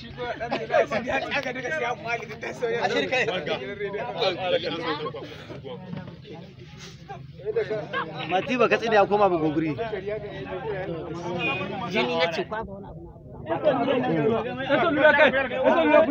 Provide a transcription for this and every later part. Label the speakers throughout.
Speaker 1: shi ko dan da ya daga siya ta a shirka mati ba katsi ya koma buguguri jini na ce wani abu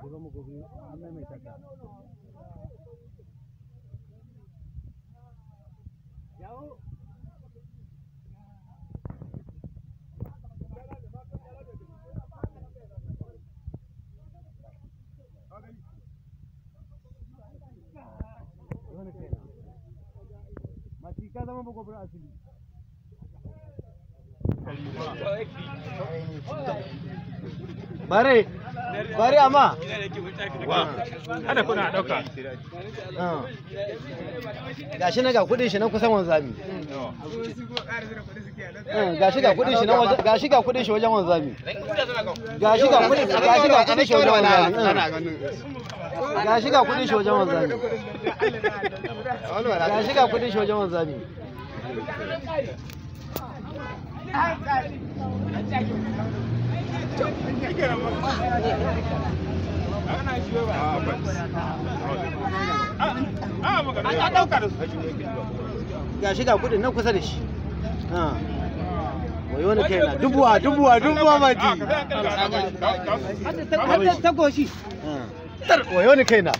Speaker 1: जुर्म को भी हमने में सका जाओ Matika dama boko bra asili. Mare. bari amma ana kuna dauka gashi na ga kudin shi nan kusan wanzami gashi eh, ga kudin shi nan gashi ga kudin shi wajen wanzami gashi ga kudin gashi ga kudin shi wajen wanzami gashi eh. ga kudin shi wajen wanzami gashi ga kudin shi wajen wanzami an ɗauka ga shi ga kudin nan kusa da shi wai wani kai na dubuwa dubuwa dubuwa ji har da tagoshi wai wani kai na